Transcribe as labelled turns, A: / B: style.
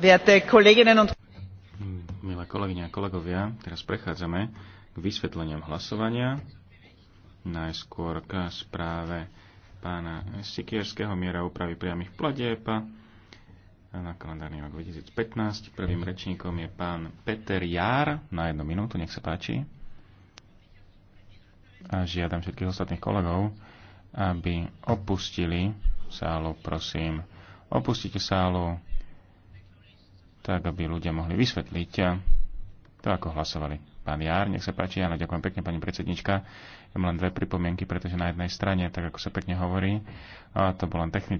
A: Milé
B: kolegyne a kolegovia, teraz prechádzame k vysvetleniam hlasovania. Najskôr k správe pána Sikierského miera úpravy priamých platieb na kalendárny rok 2015. Prvým rečníkom je pán Peter Jár. Na jednu minútu, nech sa páči. A žiadam všetkých ostatných kolegov, aby opustili sálu, prosím. Opustite sálu, tak aby ľudia mohli vysvetliť to, ako hlasovali. Pán Jár, nech sa páči, áno, ďakujem pekne,
C: pani predsednička. Ja mám len dve pripomienky, pretože na jednej strane, tak ako sa pekne hovorí, to bol len technický